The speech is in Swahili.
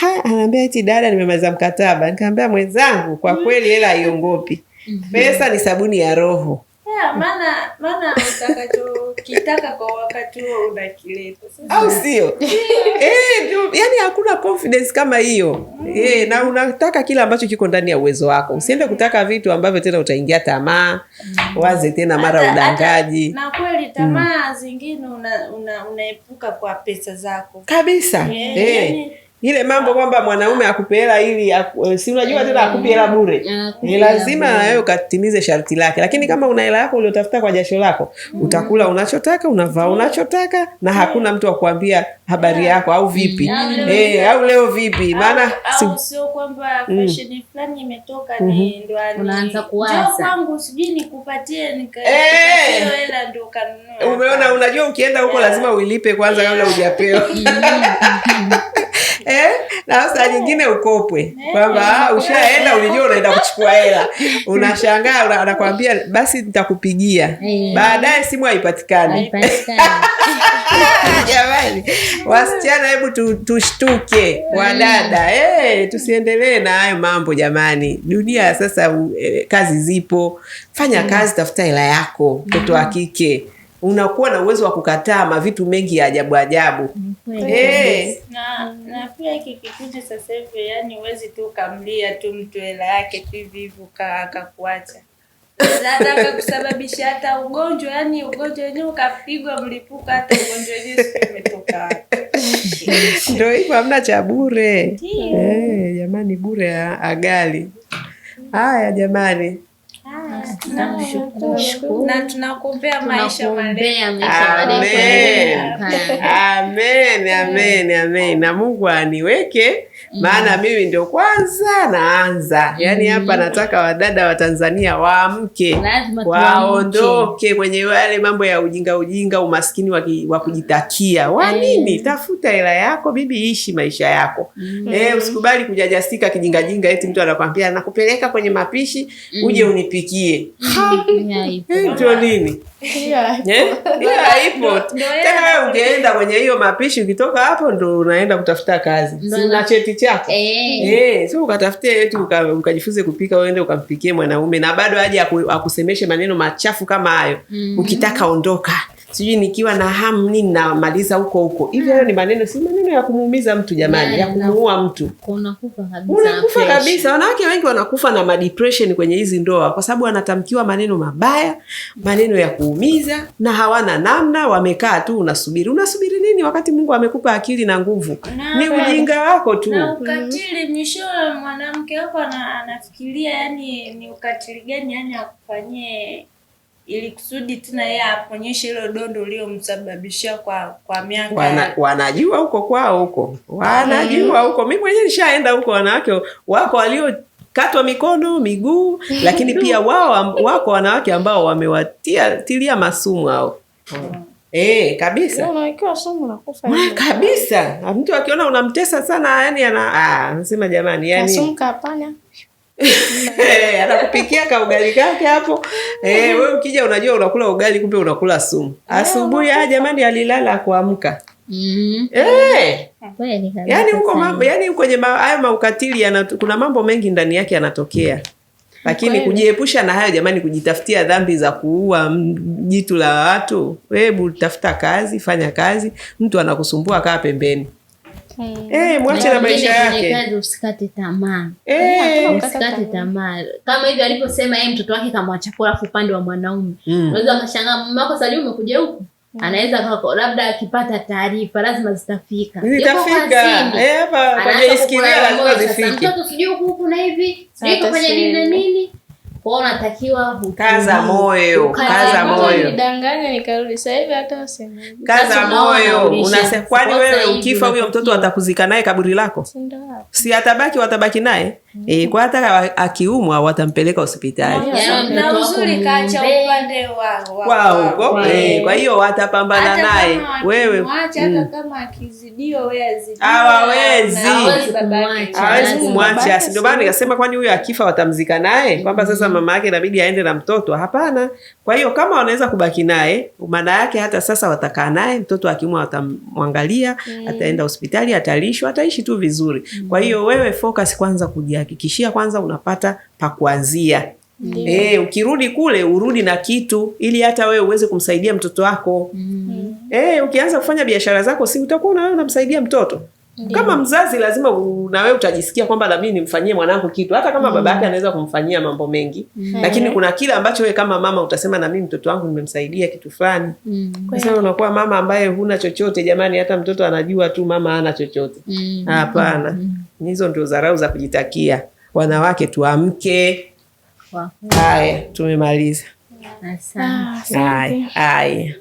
Ha, anaambia eti dada, nimemaliza mkataba. Nikamwambia mwenzangu, kwa kweli hela haiongopi. Mhm. Pesa ni sabuni ya roho maana maana utakachokitaka kwa wakati huo unakileta, au sio? Eh, yani hakuna confidence kama hiyo eh, mm. E, na unataka kile ambacho kiko ndani ya uwezo wako, usiende kutaka vitu ambavyo tena utaingia tamaa mm. waze tena mara udangaji, na kweli tamaa mm. zingine unaepuka una, una, kwa pesa zako kabisa yeah, Yeah. Yeah. Yaani ile mambo ah. kwamba mwanaume akupe hela ili aku, eh, si unajua tena eh, akupe hela bure, eh, ni lazima na wewe ukatimize sharti lake. Lakini kama una hela yako uliotafuta kwa jasho lako, mm. utakula unachotaka, unavaa mm. unachotaka, na mm. hakuna mtu kuambia habari yako au vipi, eh, au leo vipi? Maana sio kwamba fashion fulani imetoka ni mhm. ndio sijui nikupatie nikae hela ndio kanunua. Umeona, unajua ukienda huko lazima uilipe kwanza kabla hujapewa eh, na saa eh. nyingine ukopwe eh. kwamba ah, eh. ushaenda, ulijua unaenda kuchukua hela, unashangaa una, anakwambia basi nitakupigia baadaye, simu haipatikani. Jamani wasichana, hebu tu, tushtuke wadada, hey, tusiendelee na hayo mambo jamani. Dunia sasa, kazi zipo, fanya kazi, tafuta hela yako, mtoto wa mm-hmm. kike unakuwa na uwezo wa kukataa mavitu mengi ya ajabu ajabu. Hey. Eh. Na, na pia hiki kipindi sasa hivi yani huwezi tu ukamlia tu mtu hela yake tu hivi hivi akakuacha hata kusababisha hata ugonjwa yani ugonjwa wenyewe ukapigwa mlipuko, hata ugonjwa wenyewe umetoka. Ndio hivyo, hamna cha bure. Hey, eh, jamani, bure ya agali. Haya jamani na maisha na Mungu aniweke maana mm. mimi ndio kwanza naanza. Yaani mm. hapa nataka wadada wa Tanzania waamke, waondoke kwenye yale mambo ya ujinga ujinga, umaskini wa kujitakia wa nini. Tafuta hela yako bibi, ishi maisha yako. Mm. Eh, usikubali kujajasika kijingajinga, eti mtu anakwambia nakupeleka kwenye mapishi uje unipikie hicho nini? Hiyo haipo eh? tena. ungeenda kwenye hiyo mapishi, ukitoka hapo ndo unaenda kutafuta kazi, una cheti chako eh, eh ukatafutia eti ukajifunze kupika, uende ukampikie mwanaume na bado aje akusemeshe maneno machafu kama hayo. Mm-hmm. Ukitaka ondoka sijui nikiwa na ham nini namaliza huko huko hivi Hayo ni maneno, si maneno ya kumuumiza mtu jamani, ya yaani kumuua mtu. Unakufa kabisa, kabisa. Wanawake wengi wanakufa na madepression kwenye hizi ndoa, kwa sababu wanatamkiwa maneno mabaya, maneno ya kuumiza, na hawana namna, wamekaa tu. Unasubiri, unasubiri nini wakati Mungu amekupa akili na nguvu? Ni ujinga wako tu na ukatili. mwanamke wako anafikiria, yani ni ukatili gani yani akufanyie ili kusudi tena yeye aponyeshe hilo dondo uliomsababishia kwa kwa miaka. Wana, wanajua huko kwao huko wanajua mm. huko. Mimi mwenyewe nishaenda huko, wanawake wako waliokatwa mikono miguu, lakini pia wao wako wanawake ambao wamewatia tilia masumu hao hmm. E, kabisa yaani kabisa, mtu akiona unamtesa sana yani, anasema ah, jamani, yani Eh, anakupikia ka ugali kake hapo. Eh, wewe ukija unajua unakula ugali, kumbe unakula sumu. Eh, Asubuhi ah, jamani, alilala kuamka. Mm. Mm-hmm. Eh! Yaani huko yaani kwenye hayo maukatili kuna mambo mengi ndani yake yanatokea. Lakini kujiepusha na hayo jamani, kujitafutia dhambi za kuua jitu la watu, hebu tafuta kazi, fanya kazi. Mtu anakusumbua kaa pembeni. Eh, eh, hey, mwache na maisha yake. Kazi usikate tamaa. Hey, eh. yaani usikate tamaa. Kama hivi alivyosema yeye mtoto wake kama kwa alafu upande wa mwanaume. Mm. Unaweza mm. ukashangaa mume wako sasa umekuja huku. Anaweza labda akipata taarifa lazima zitafika. Zitafika. hapa kwa jisikia lazima zifike. Mtoto sijui huku na hivi. Sijui kufanya nini na nini. Kwa hiyo unatakiwa kaza moyo, kaza moyo. Nidanganya nikarudi sasa hivi hata useme. Kaza moyo. Unasema kwani wewe ukifa huyo mtoto atakuzika naye kaburi lako? Si atabaki watabaki naye? E, kwa hata akiumwa watampeleka hospitali kwao mm. eh, Kwa hiyo watapambana naye. Wewe mm. hawawezi hawezi kumwacha, si ndio? Maana nikasema kwani huyo akifa watamzika naye kwamba sasa mama yake inabidi aende na mtoto? Hapana. Kwa hiyo kama wanaweza kubaki naye, maana yake hata sasa watakaa naye, mtoto akiumwa watamwangalia, ataenda hospitali, atalishwa, ataishi tu vizuri. Kwa hiyo wewe focus kwanza kuja jihakikishia kwanza unapata pa kuanzia. Mm. E, ukirudi kule urudi na kitu ili hata wewe uweze kumsaidia mtoto wako. Mm. E, ukianza kufanya biashara zako si utakuwa na wewe unamsaidia mtoto. Ndiyo. Kama mzazi lazima na wewe utajisikia kwamba na mimi nimfanyie mwanangu kitu, hata kama mm. baba yake mm-hmm. anaweza kumfanyia mambo mengi mm. lakini kuna kile ambacho wewe kama mama utasema na mimi mtoto wangu nimemsaidia kitu fulani mm. kwa sababu unakuwa mama ambaye huna chochote. Jamani, hata mtoto anajua tu mama hana chochote. Hapana mm. Hizo ndio dharau za kujitakia. Wanawake tuamke. Haya, tumemaliza. Haya.